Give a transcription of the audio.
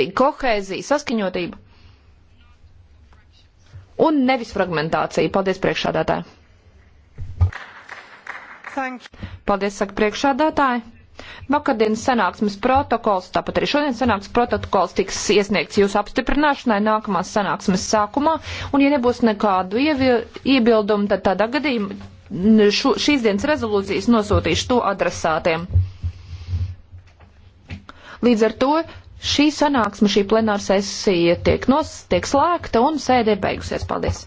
atbilstīga kohēzija, saskaņotība un nevis fragmentācija. Paldies priekšādātāji. Paldies, saka priekšādātāji. Vakardienas sanāksmes protokols, tāpat arī šodien sanāksmes protokols tiks iesniegts jūsu apstiprināšanai nākamās sanāksmes sākumā, un ja nebūs nekādu iebildumu, tad tādā gadījumā šo, šīs dienas rezolūcijas nosūtīšu to adresātiem. Līdz ar to Šī sanāksme, šī plenāra sesija tiek, nos, tiek slēgta un sēde ir beigusies. Paldies!